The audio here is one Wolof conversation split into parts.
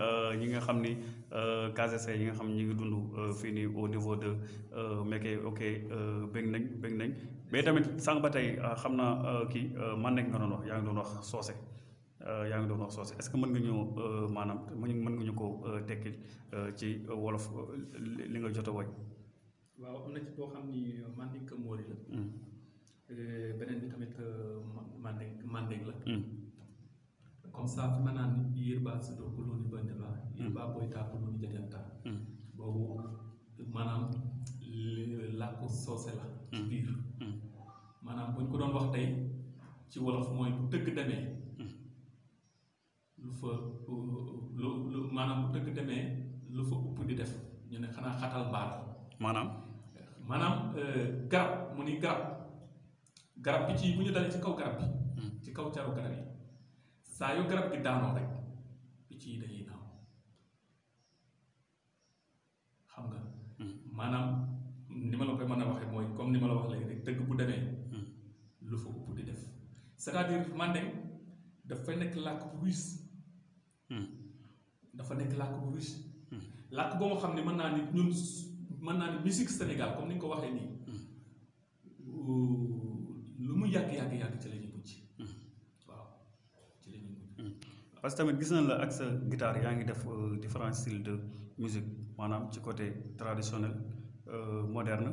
Euh, ñi nga xam ni euh, KCC yi nga xam ñi ngi dund euh, fii nii au niveau de Mekke ok bëgg nañ bëgg nañ mais tamit sànq ba tey xam naa kii man nekk nga doon wax yaa ngi doon wax soose yaa ngi doon wax soose est ce que mën nga ñu maanaam mën nga ñu ko tekki ci wolof li nga jot a wañ waaw am na ci boo xam ni mandinka moori la mm. beneen bi tamit manding manding la mm comme ça fi manan yerba su do ko loni bande ba yerba hmm. boy ta ko loni jadenta hmm. bobu manam la ko sosé la ci hmm. bir manam buñ ko don wax tay ci wolof moy bu deug démé lu fa lu manam bu deug démé lu fa upp di def ñu ne xana xatal manam manam euh mu ni garap bi ci buñu dal ci kaw garap ci kaw ciaru garap Sayo kerap kita gi pici rek picc yi dañuy naaw xam hmm. nga maanaam ni ma la koy mën a waxee comme ni ma la wax léegi rek dëgg bu demee hmm. lu fa hmm. di def c' est à dire man de dafa nekk làkk bu ni ñun ni musique sénégal comme ni ko waxe ni uh, lu mu yàgg yàgg yàgg ci parce que tamit gis nañ la ak sa guitare yaa ngi def euh, différents styles de musique maanaam ci côté traditionnel euh, moderne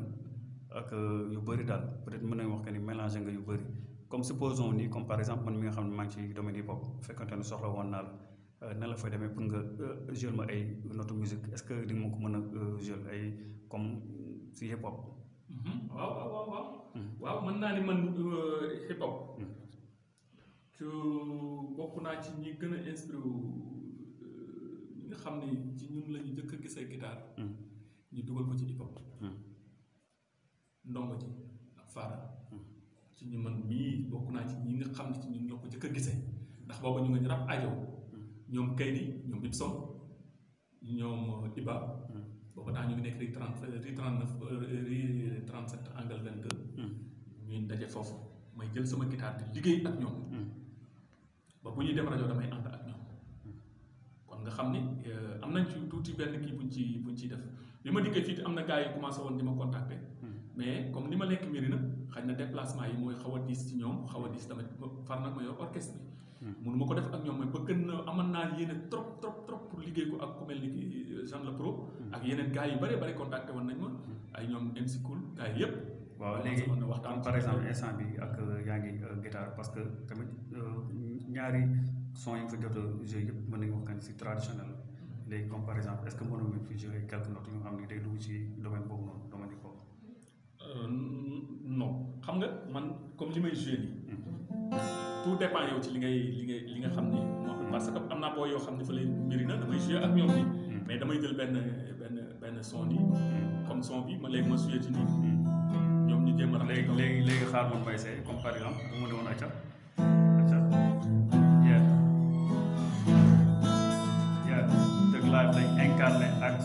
ak euh, yu bëri daal peut-être mën nañu wax que ni mélangé nga yu bëri comme supposons ni comme par exemple man mi nga xam ne maa ngi ci domaine hip hop bu ne soxla woon naa la la fay demee pour nga jël ma ay note musique est-ce que di nga ko mën a jël ay comme si hip hop. Mhm. waaw waaw waaw waaw. Mhm. naa ni man hip hop. Mhm. ci bokk naa ci ñi gën a inspiré ñi nga xam ni ci ñun la ñu jëkk a gisee guitare hmm. ñu dugal ko ci hip hop hmm. ndongo ji ak faara hmm. ci ñu man mii bokk naa ci ñi nga xam ne ci ñun ñoo ko jëkk a gisee ndax boobu ñu nga ñu ajo ñoom kaydi ñoom bipson ñoom iba boobu daa ñu ngi nekk ri 30 ri 39 ri 37 angle 22 ñuy daje foofu may jël sama guitare di liggéey ak ñoom ba bu ñuy dem rajo damay ànd ak ñoom kon nga xam ne euh, am nañ ci tuuti benn kii buñ ci buñ ci def li ma dikkee fii am na gars yi commencé woon di ma contacter. Hmm. mais comme ni ma lekk mbiri na xëy na déplacement yi mooy xaw a diis ci ñoom xaw a diis tamit far nag ma yor orchestre bi. mënu hmm. ma ko def ak ñoom ba bëgg na aman naa yéene trop trop trop pour liggéey ko ak ku mel ni euh, Jean Pro. Hmm. ak yeneen gars yu bare bare contacté woon nañ ma. ay ñoom MC Cool gars yi waaw léegi wax par exemple instant bi ak euh, yaa ngi guitare parce que tamit. ñaari son yi mu fa jot a joué yëpp mën nañu wax kan si traditionnel léegi comme par exemple est ce que mënu ngeen fi joué quelques euh, xam nga man comme li may joué mm-hmm. tout dépend yow li ngay li ngay nga xam ni moom que am naa xam ne fa lay mbiri na mm-hmm. mais damay jël benn benn benn son nii. Mm-hmm. comme son bi ma léegi ñoom ñu jéem a. léegi léegi léegi xaar ma mbay see comme woon acca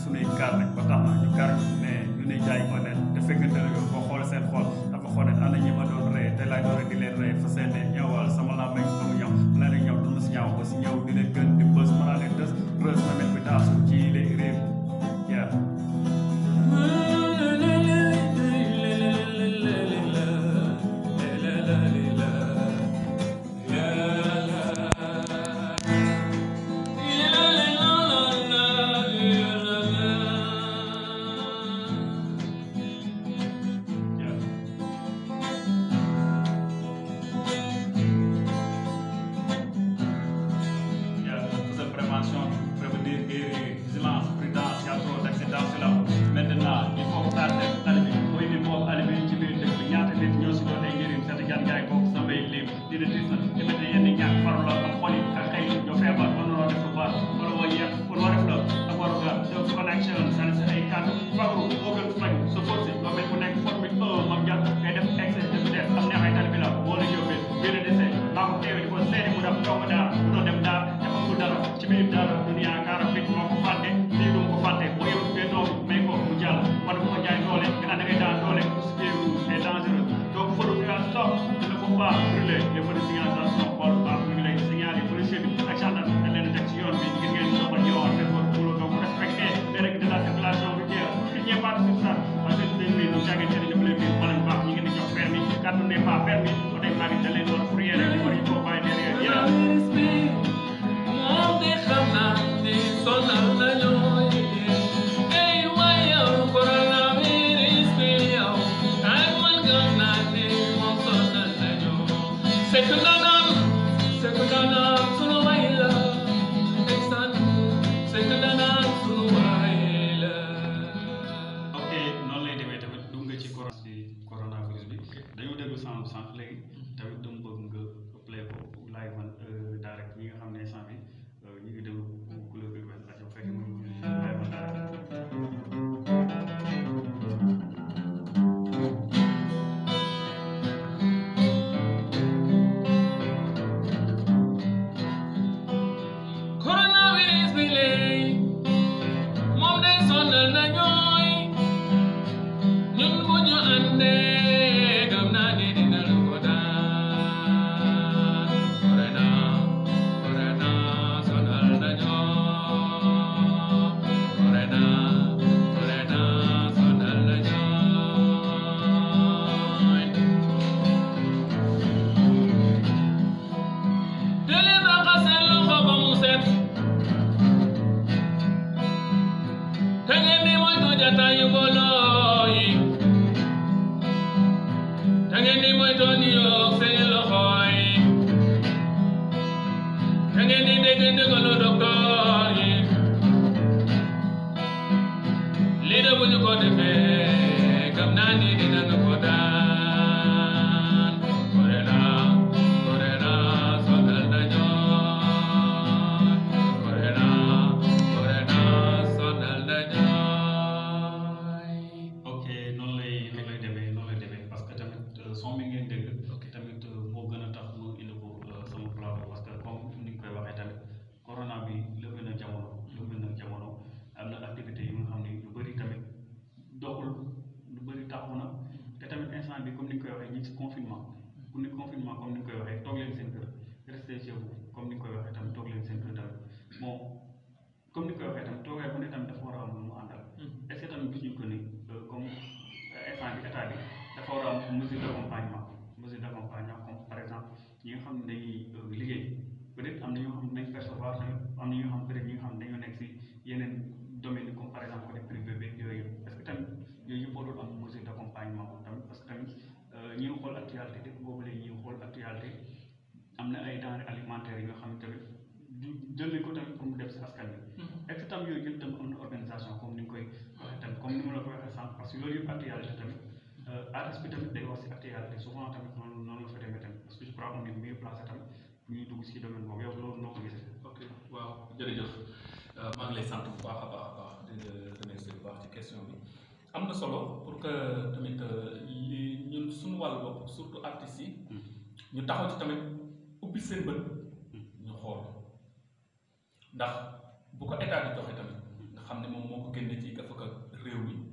suñuy kaar lañ ba tax na ñu kaar ñu ne ñu ne jaay ma nen te fekkante ne yow boo xool seen xool dafa xool ana ñi ma doon rey te laay doon rek di leen rey fa seen ne sama laa may ba mu ñëw la ne si ñaaw ba si ñëw di leen gën di bës mën naa bi taasu ci les yaa synagogue, somebody lived in a different, in Hola. Amen. parce que loolu yëpp actualité tamit artiste bi tamit day wax si actualité souvent tamit noonu noonu la fa demee tamit parce que je crois qu'on est mieux placé tamit pour ñuy dugg si domaine boobu yow loolu noo ko gisee. ok waaw jërëjëf maa ngi lay sant bu baax a baax a baax di la remercier bu baax ci question bi am na solo pour que tamit li ñun suñu wàllu bopp surtout artistes yi ñu taxaw ci tamit ubbi seen bët ñu xool ndax bu ko état di joxe tamit nga xam ne moom moo ko génne ci dafa ko réew mi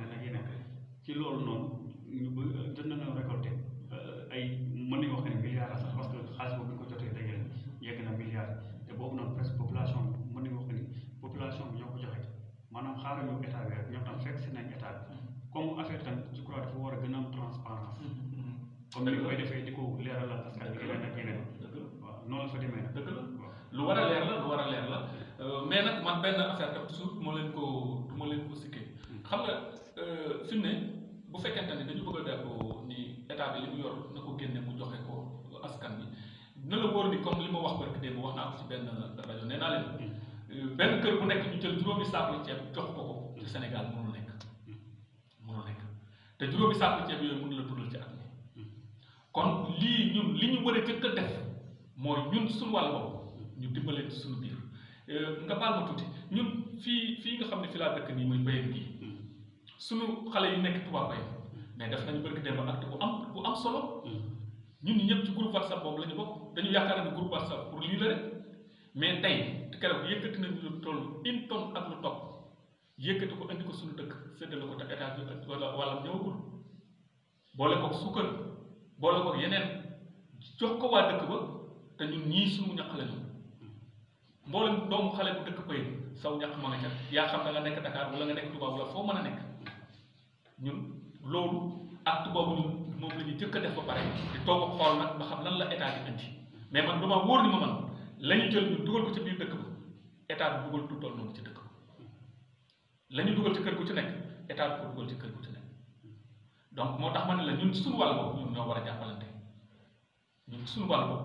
ci loolu noonu ñu bë jot nañoo récolté ay mën nañu wax ne milliards sax parce que xaalis boobu ñu ko jotee dajale yegg na milliards te boobu noonu presque population bi mën nañu wax ne population bi ñoo ko joxe maanaam xaaral ñu état bi rek ñoom tam fekk si nañ état bi comme affaire tam je crois dafa war a gën a am transparence comme ni koy defee di ko leeralal askan bi yeneen ak yeneen waaw noonu la fa demee nag lu war a leer la lu war a leer la mais nag man benn affaire tam toujours moo leen ko moo leen ko sikkee xam nga fi mu ne bu fekkente ni dañu bëgg a def ni état bi li mu yor na ko génne mu joxe ko askan bi na la wóor ni comme li ma wax barki démb wax naa ko ci benn rajo nee naa leen mm. bu nekk ñu jël juróomi saaku ceeb jox ko ko ci Sénégal mënul nekk mm. mënul nekk te juróomi saaku ceeb yooyu mënul la dundal ci at mi mm. kon lii ñun li ñu war a jëkk def mooy ñun suñu wàll bopp ñu dimbaleen ci suñu biir euh, nga baal ma tuuti ñun fii fii nga xam ne fi laa dëkk nii mooy mbéyam gii suñu xalé yu nekk tuba bay mais def nañu bëgg dem ak bu am bu am solo ñun ñëpp ci groupe whatsapp bobu lañu bokk dañu yaakaar ne groupe whatsapp pour li la rek mais tey keroog yëkëti nañu lu toll in tonne ak lu top yëkëti ko andi ko suñu dëkk séddale ko ta état bi wala wala ñëwagul boole ko sukkal boole ko yenen jox ko wa dëkk ba té ñun ñi suñu ñaq ñu mboolem doomu xalé bu dëkk bay saw ñak ma nga ca yaa xam nga nek Dakar wala nga nek tuba wala fo mëna nek ñun loolu acte boobu ñun moom la jëkk def ko pare di toog xool nag ba xam lan la état bi indi mais man dama wóor ni ma man la jël ñu dugal ko ci biir dëkk ba état bi dugal du noonu ci dëkk ba la ñu dugal ci kër gu ci nekk état bi ko dugal ci kër gu ci nekk donc moo tax ma ne la ñun suñu wàll boobu ñun ñoo war a jàppalante ñun suñu boobu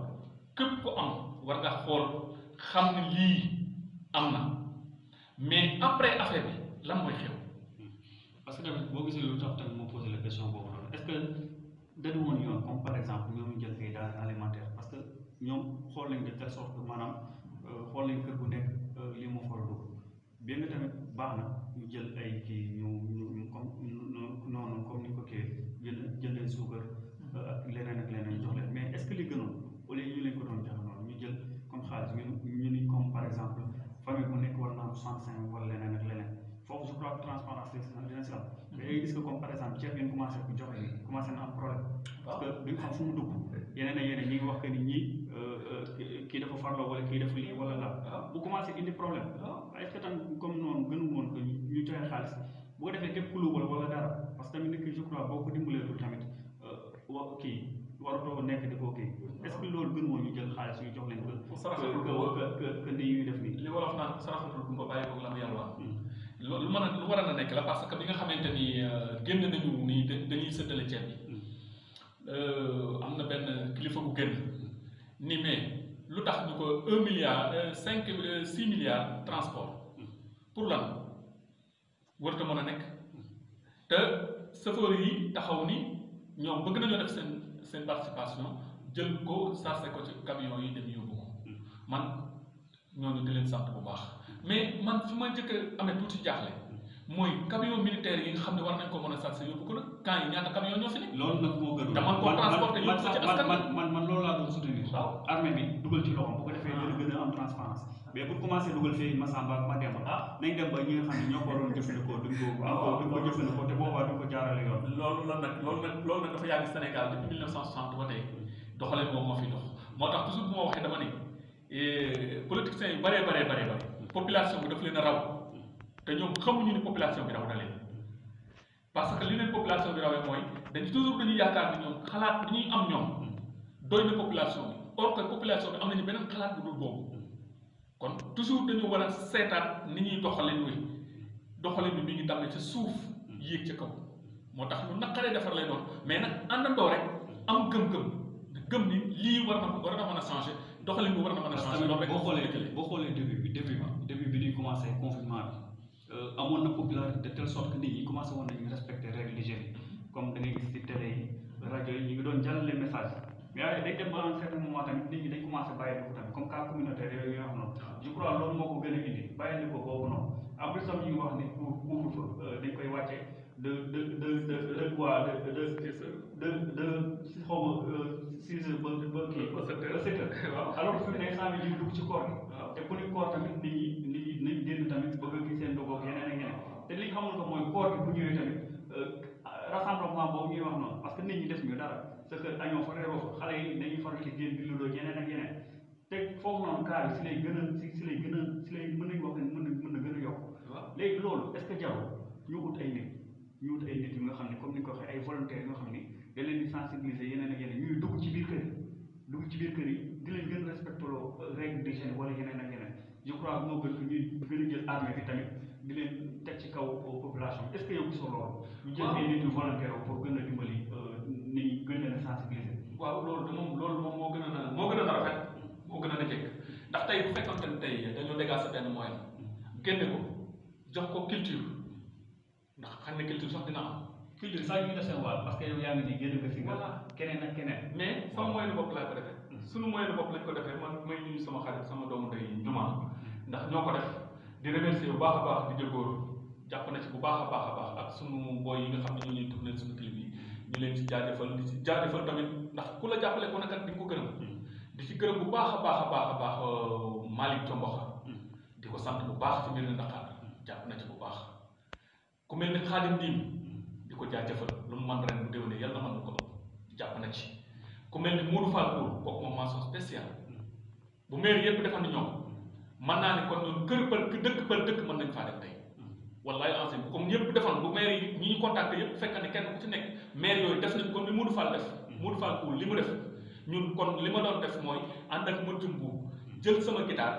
képp ku am war nga xool xam ne lii am na mais après affaire bi lan mooy xew Parce que wo gisee lu tax tamit moo posé la question boobu noonu est ce que dañu woon yoon comme par exemple ñoom jël tey daal alimentaire parce que ñoom xool nañ de telle sorte que maanaam xool nañ kër gu nekk lii moo fara dugg bien que tamit baax na ñu jël ay kii ñu ñu comme noonu comme ni ko kii jël jël leen suukar ak leneen ak leneen jox leen mais est ce que li gënoon au lieu ñu leen ko doon joxe noonu ñu jël comme xaalis ñu ñu ni comme par exemple famille bu nekk war na am cent cinq wala leneen ak leneen foofu je crois transparence dina si am mais da gis que comme ceeb ngeen commencé ko jox commencé na am problème parce que duñ xam fu mu dugg yeneen ak yeneen ñi ngi wax que ni ñii kii dafa farlo wala kii dafa lii wala la bu commencé indi problème est ce que tam comme noonu gënu woon que ñu joxe xaalis bu ko defee képp ku wala dara parce que tamit nekk je crois boo ko dimbaleetul tamit wa kii nekk di ko kii est ce que loolu gën ñu jël xaalis ñu jox leen que que que que def nii li wolof naan saraxatul bàyyi ko la loolu mën a lu war a nekk la parce que bi nga xamante ni euh, génn nañu ni dañuy sëddale ceeb bi mm. euh, am na benn kilifa bu génn ni mais lu tax ñu ko un milliard euh, cinq six milliards transport mm. pour lan wërta mën a nekk mm. te chauffeur yi taxaw ni ñoom bëgg nañoo def seen seen participation jël ko sarse ko ci camion yi dem yóbbu ko man ñooñu di leen sant bu baax mais man su ma jëkk a amee tuuti jaaxle mooy camion militaire yi nga xam ne war nañ ko mën a sàcc yóbbu ko nag camp yi ñaata camion ñoo fi ne. loolu nag moo gën. man ko transporté yóbbu ko ci askan man man man loolu laa doon soutenir. waaw armée bi dugal ci loxoom bu ko defee dina gën a am transparence ah. mais bu commencé dugal fii Massamba ak Mademba ah. nañ dem ba ñi nga xam ne ñoo ko waroon jëfandikoo duñ ko dafa yàgg Sénégal depuis 1960 ba tey doxalee moom moo fi dox moo tax su bu ma waxee dama ne eh, politiciens yu baree baree baree population bi daf leen raw te ñoom xamuñu ni population bi raw na parce que li leen population bi rawee mooy dañu toujours dañuy yaakaar ni ñoom xalaat bi ñuy am ñoom doy na population bi or que population bi am nañu beneen xalaat bu dul boobu kon toujours dañu war a seetaat ni ñuy doxaleen wi doxaleen bi mi ngi dalee ca suuf yéeg ca kaw moo tax lu naqaree defar lay doon mais nag àndandoo rek am gëm-gëm gëm ni lii war na war na mën a doxalin bu war na mën a changer loolu rek boo bo xolé xoolee début bi début ma début bi ñuy commencé confinement euh amoon na popularité de telle sorte que nit ñi commencé won nañu respecter règles d'hygiène mm-hmm. comme da ngay gis ci télé yi rajo yi ñu ngi doon jàllale message mais ay day dem ba un certain moment tam nit ñi dañ commencé bayé ko tam comme cas communautaire yooyu yoo xam noonu ah. je crois lool moko gëna gën a indi bàyyi ko boobu noonu de de de de de quoi de de de de xaw ma six heures ba ba kii ba sept heures sept waaw alors que day saa yu dugg ci koor waaw te ku ni koor tamit nit ñi nit ñi nañ tamit bëgg a gis seen dogoog yeneen ak yeneen te li ñu xamul ko mooy koor bi bu ñëwee tamit rassemblement boobu ñuy wax noonu parce que nit ñi def ñu dara c'est que añoo fa réeroo fa xale yi dañuy faral di génn di ludoo yeneen ak yeneen te foofu noonu cas si lay gën a si lay gën a si lay na mën na a yokk léegi ñu ay nit yi nga xam ne comme ni ko waxee ay volontaires yi nga xam ne da leen di sensibiliser yeneen ak yeneen ñuy dugg ci biir kër yi dugg ci biir kër yi di leen gën respecté loo règle d'hygiène wala yeneen ak yeneen je crois moo gën ñuy gën a jël armée bi tamit di leen teg ci kaw population est ce que yow gisoo loolu. ñu jël ay nit yu volontaires pour gën a dimbali ni ñu gën leen a sensibiliser. waaw loolu de moom loolu moom moo gën a moo gën a na rafet moo gën a na ndax tey bu fekkoon tey dañoo dégager benn moyen génne ko jox ko culture ndax xam ne culture sax dina am. culture sax ñu def seen wàll parce que yow yaa ngi nii génn ko fi nga keneen ak keneen. mais sama moyen bopp laa ko defee. suñu moyen bopp sama xarit sama doomu day ñuma ndax ñoo ko def di remercier bu baax baax di jëgóor jàpp na ci bu baax a baax a baax ak sunu boy yi nga xam ne eh, ñoo ñuy tourné suñu clip yi ñu leen ci jaajëfal di ci jaajëfal tamit ndax ku la jàppale ko nakat di nga ko gërëm di ci gërëm bu baax a baax a baax a baax Malick Thiomboxa hmm. di ko sant bu baax ci mbir na hmm. Dakar jàpp na ci bu baax melni mel ni diko lim lu mu man ren bu deewne yalla man ko japp na ci ku melni ni Modou Fall ko kooku moom mention spéciale bu maire yépp defal ni ñom man na ni kon ñun keur bal ki dekk bal dekk mën nañ fa def tay wallahi ancien ko comme ñëpp defal bu maire yi ñi contact contacté yépp fekk ni kenn ku ci nekk maire yoy def nañ ko ni Modou Fall def Modou Fall Kour li def ñun kon lima doon def moy and ak ma tumbu jël sama guitar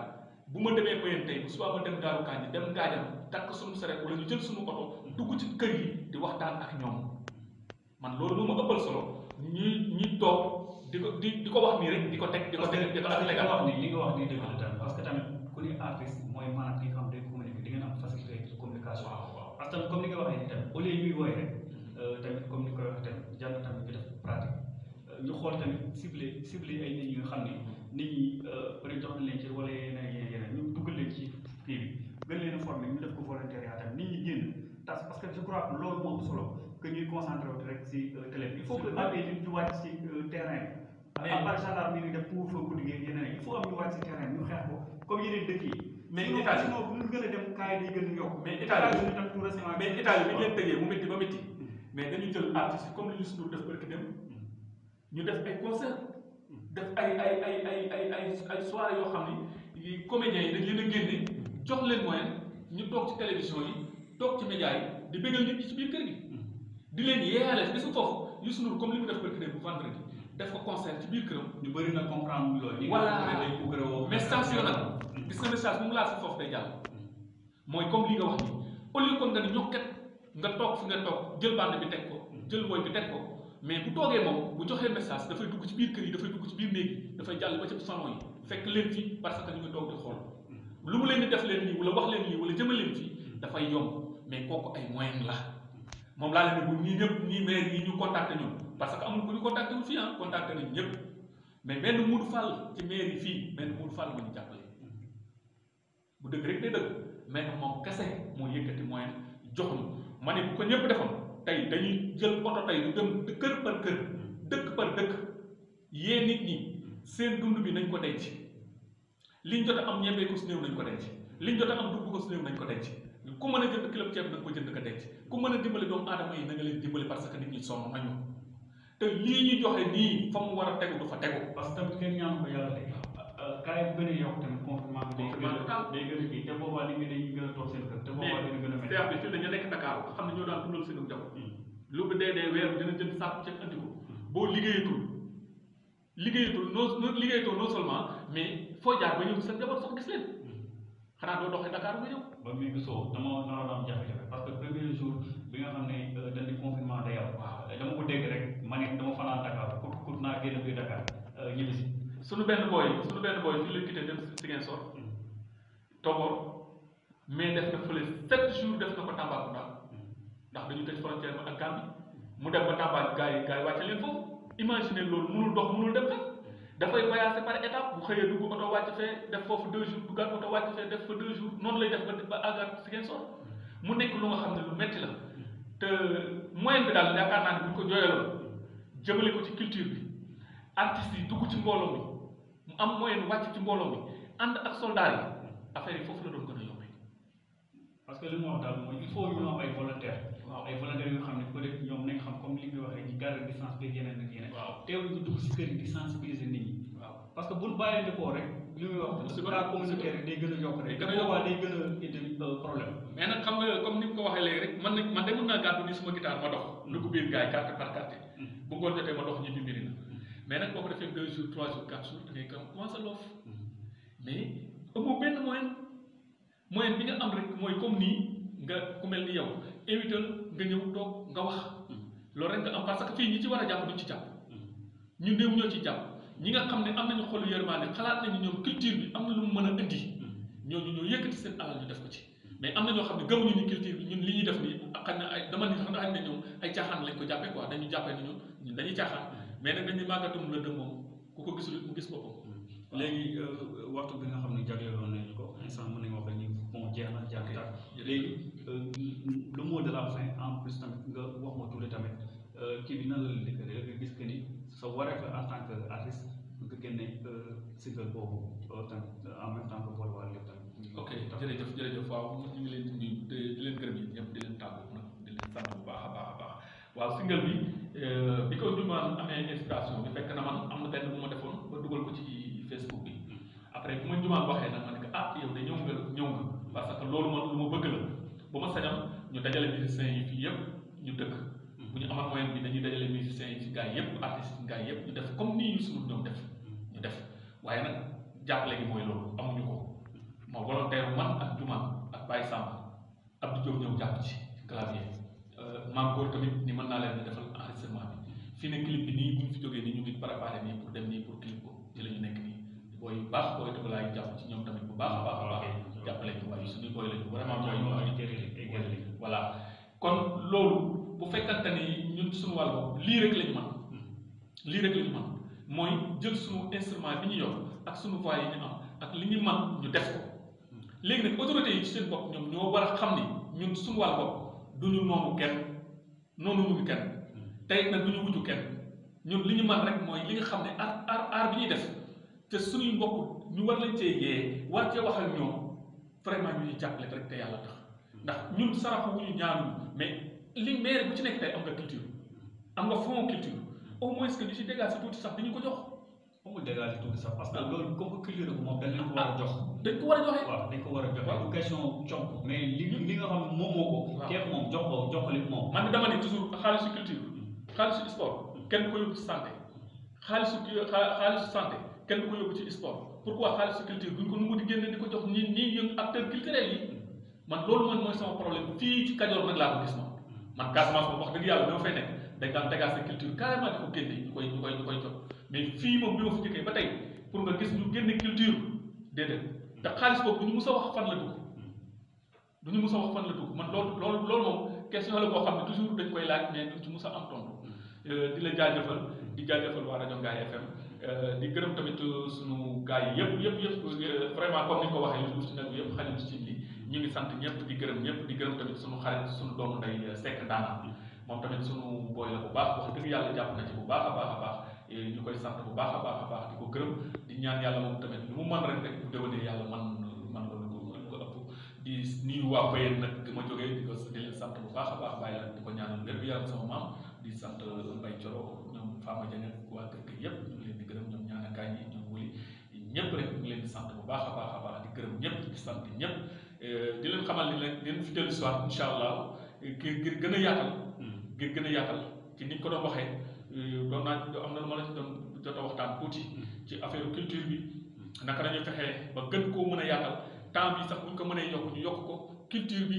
bu ma demee bayen tey bu suba ma dem daaru kanji dem gaajam tak suñu sere wala ñu jël suñu auto dugg ci kër yi di waxtaan ak ñoom man loolu moo ma ëppal solo ñi ñi toog di ko di di ko wax nii rek di ko teg di ko teg di ko teg wax ni li nga wax ni dëgg tam parce que tamit ku ni artiste mooy maanaam ki xam day communiquer di ngeen am facilité ci communication parce que comme ni nga waxee tamit au lieu ñuy woy rek mm-hmm. euh, tamit comme ni ko waxee di jàng tamit bi def pratique euh, ñu xool tamit ciblé ciblé ay nit ñi nga xam ni mm-hmm. nit ñi euh, peut être jox nañ leen ci wala yeneen yeneen ñu duggal leen ci kii bi gën leen a former ñu def ko volontariat di nit ñi génn tas parce que je crois que loolu moo solo que ñuy concentré wu rek si euh, télé bi il faut que amee ñu ñu wàcc si euh, terrain bi. à part gendarme yi def pour feu guddi yeneen il faut am ñu wàcc si terrain ñu xeex ko comme yeneen dëkk yi. mais état bi sinon bu ñu gën a dem kaay day gën a yokk. mais état bi tam tout récemment mais état bi ñu leen tëgee mu métti ba métti. mais dañu jël artiste comme li ñu suñu def barki dem ñu def ay concert def ay ay ay ay ay ay ay soirée yoo xam ni comédiens yi dañ leen a génne jox leen moyen ñu toog ci télévision yi. toog ci média yi di bégal nit ñi ci biir kër gi hmm. di leen yeeyaale bi foofu comme li mu def bu vendredi ci biir këram ñu na comprendre loolu voilà message nag message mu foofu day hmm. comme li nga wax ni au lieu nga nga toog fi nga toog jël bi teg ko hmm. jël bi teg ko mais bu toogee moom bu message dafay dugg ci biir kër yi dafay dugg ci biir néeg yi dafay jàll ba ci salon yi fekk leen ci parce que ñu ngi toog lu mu def wala wax wala mais kooku ay moyen la moom laa leen ne bu ñii ñëpp ñii yi ñu contacté ñun parce que amul ku ñu contacté wu fii ah contacté nañ ñëpp mais benn Modou Fall ci maire yi fii benn Modou Fall ñu bu dëgg rek day mais moom kese moo yëkkati moyen jox ko ñëpp defoon tey dañuy jël oto tey du dem kër par dëkk par dëkk yee nit ñi seen dund bi nañ ko denc li jot a am ñebe ko su ko denc liñ jot a am dugg ko su néew nañ ko denc ku mën a jënd kilo ceeb na nga ko jënd ko denc ku mën a dimbali doomu a tegu que tamit ko yàlla de. Euh, kaay a yokk a hmm. jënd sàpp ceeb ko boo liggéeyatul liggéeyatul non non liggéeyatoo non mais foo jaar ba ñëw sa njaboot sax gis leen xanaa doo doxee Dakar nga ñëw. ba muy gisoo dama naroon am jafe-jafe parce que premier jour bi nga di confinement day dama ko dégg rek ma ne Dakar Dakar eh, sunu benn boy, sunu benn boy, fii la quitté dem Ziguinchor. Togo mais def na fële sept jours def na ko Tambacounda ndax dañu tëj frontière ba ak Gambie mu dem ba Tamba gars yi gars imaginer dafay voyager par étape bu xëyee dugg oto wàcc fee def foofu deux jours duggaat oto wàcc fee def fa deux jours noonu lay def ba ba àggaat si ngeen mu nekk lu nga xam ne lu metti la te moyen bi daal yaakaar naa ne bu ñu ko jooyaloon jëmale ko ci culture bi artistes yi dugg ci mbooloo mi mu am moyen wàcc ci mbooloo mi ànd ak soldats yi affaire yi foofu la doon gën a yombee. parce que li mu wax daal mooy il faut ñu am ay volontaires. waaw ay volontaire yoo xam ne peut être ñoom nañ xam comme li nga waxee ñu garder distance bi yeneen ak yeneen waaw teewul ñu dugg si kër yi di sensibiliser nit ñi waaw parce que buñ bàyyante koo rek li muy wax si cas communautaire rek day gën a yokk rek gën a yokk day gën a indi euh, problème mais nag xam nga comme ni mu ko waxee léegi rek man man de mën naa gàddu ni suma guitare ma dox dugg hmm. biir gars yi carte par carte hmm. bu ngoon jotee ma dox ñibbi mbiri na hmm. mais nag boo ko defee deux jours trois jours quatre jours da ngay commencé loof mais amoo benn moyen moyen bi nga am rek mooy comme nii nga ku mel ni yow éviter nga ñëw toog nga wax loolu rek nga am parce que fii ñi ci war a jàpp duñ ci jàpp ñu néew ñoo ci jàpp ñi nga xam ne am nañu xolu yërmaane xalaat nañu ñoom culture bi am na lu mu mën a indi ñooñu ñoo yëkkati seen alal ñu def ko ci mais am na ñoo xam ne gëmuñu ni culture bi ñun li ñuy def ni xañ na ay dama ni sax xañ na ñoom ay caaxaan lañ ko jàppee quoi dañu jàppee ñu ñun ñun dañuy caaxaan mais nag dañuy màggatum la dëm moom ku ko gisul mu gis boppam léegi euh, waxtu bi nga xam ne jagleeloon nañu ko instant mën nañu wax ni bon jeex na jàpp léegi Euh, le mot de la fin en plus tamit nga wax ma tuuti tamit kii bi nan la leen di nga gis que ni sa la en tant que artiste nga génne single euh, boobu euh, tamit en même que boole waa tamit. di di leen gërëm baax a baax a baax waaw single bi bi ko Ndioumane amee inspiration bi fekk na man am na benn bu ma defoon ba dugal ko ci Facebook bi mm. après bu ma Ndioumane waxee nag ma ne ah yow de ñëw nga ñëw nga parce loolu man lu ma bëgg la. bu ma sañoon ñu dajale musiciens yi fii yëpp ñu dëkk bu ñu amal moyen bi dañuy dajale musiciens yi ci gaay yëpp artistes yi gaay yëpp ñu def comme ni ñu sunu ñoom def ñu def waaye nag jàppale gi mooy loolu amuñu ko ma volontaire man ak juma ak Baye Samba Abdou Diop ñoom jàpp ci clavier maam góor tamit ni mën naa leen defal enregistrement bi fii ne clip bi nii bu ñu fi jógee nii ñu ngi préparé nii pour dem nii pour clip ko ci la ñu nekk nii booy baax booy dëgg laay jàpp ci ñoom tamit bu baax a baax a baax jàppale ñu ay suñu booy lañu vraiment booy ñu ay voilà kon loolu bu fekkante ni ñun suñu wàll lii rek lii rek jël suñu instrument bi ñu yor ak suñu voix li ñu mën ñu def léegi nag autorités yi ci ñoo war a xam ni ñun suñu wàll bopp du ñu noonu kenn noonu wuñu kenn ñun li ñu mën rek mooy li nga xam ne aar aar aar bi ñuy def te suñuy mbokk ñu war lañ cee yee war cee wax ak ñoom vraiment ñu ñuy jàppale rek té yalla tax ndax ñun ñaanu mais li mère bu ci nek am nga culture am nga fond culture au moins que ñu ci tout sax dañu ko jox. dégager tout parce que ah. comme culture moom dañ ko jox. Ah, dañ ko wara waaw ko wara bu question mais li nga xam jox ko mom man dama toujours culture sport kenn ko santé santé. kenn du ko yóbbu ci sport pourquoi xaalis culture bu ñu ko nangu di génne di ko jox ñi ñi yëngu acteur culturel yi man loolu man sama problème fii ci Kajoor nag laa ko gis moom man Casamance moom wax dëgg yàlla dama fay nekk dañ daan dégager culture carrément di ko génne ñu koy ñu mais fii moom bi ma fi njëkkee ba tey pour nga gis ñu génne culture déedéet te xaalis boobu du ñu mus a wax fan la dugg du ñu mus a wax fan la dugg man loolu loolu loolu moom question la boo xam ne toujours dañ koy laaj mais duñ ci a am tontu mm. euh, la jaajëfal di jaajëfal waa rajo Ngaye FM di gërëm tamit suñu gaay yëpp yëpp yëpp vraiment comme ni ko waxee yu ci nag yëpp xalim ci li ñu ngi sant ñëpp di gërëm ñëpp di gërëm tamit suñu xarit suñu doom ndey sekk daana bi moom tamit suñu boy la bu baax wax dëgg yàlla jàpp na ci bu baax a baax a baax ñu koy sant bu baax a baax a baax di ko gërëm di ñaan yàlla moom tamit lu mu man rek rek bu déwénee yàlla man man loolu ko ko ëpp di nuyu waa bayeen nag ma jógee di ko di leen sant bu baax a baax bàyyi di ko ñaanal lépp yàlla sama maam di sant mbay coro ñoom faama jane waa kër yëpp Ngañ yi ñoom wuli ñëpp rek ñu leen di sant bu baax a baax a di gërëm ñëpp di sant ñëpp euh, di leen xamal ni rek dinañ fi dellu si waat incha allah euh, ngir gën a yaatal. Hmm. ngir gën a yaatal ci ni ñu ko doon waxee euh, doon naa am na lu ma la ci doon jot a waxtaan tuuti hmm. ci affaire culture bi naka la ñuy fexee ba gën koo mën a yaatal temps bi sax bu ñu ko mënee yokk ñu yokk ko culture bi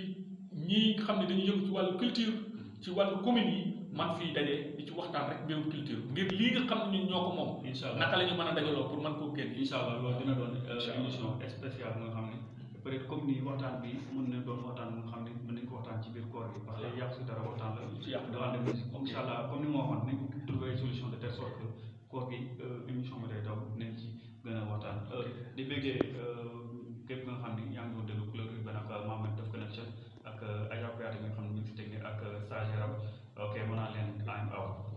ñi xam ne dañu yëngu ci wàllu culture hmm. ci wàllu commune yi. man fii daje di ci waxtaan rek mbirum culture ngir lii nga xam ne ñoo ko moom. incha allah naka la ñu a dajaloo pour mën koo génn. incha allah loolu dina doon euh, émission spéciale nga xam ne peut comme ni waxtaan bi mën na doon waxtaan nga xam ne mën nañu waxtaan ci biir koor bi. parce que yàq si dara waxtaan la. ci yàq dara comme incha allah comme ni ma waxoon nañu trouver solution de telle sorte que koor bi euh, émission bi day daw nañ ci gën a waxtaan. Euh, di bëggee Okay, Mona Lynn, climb up.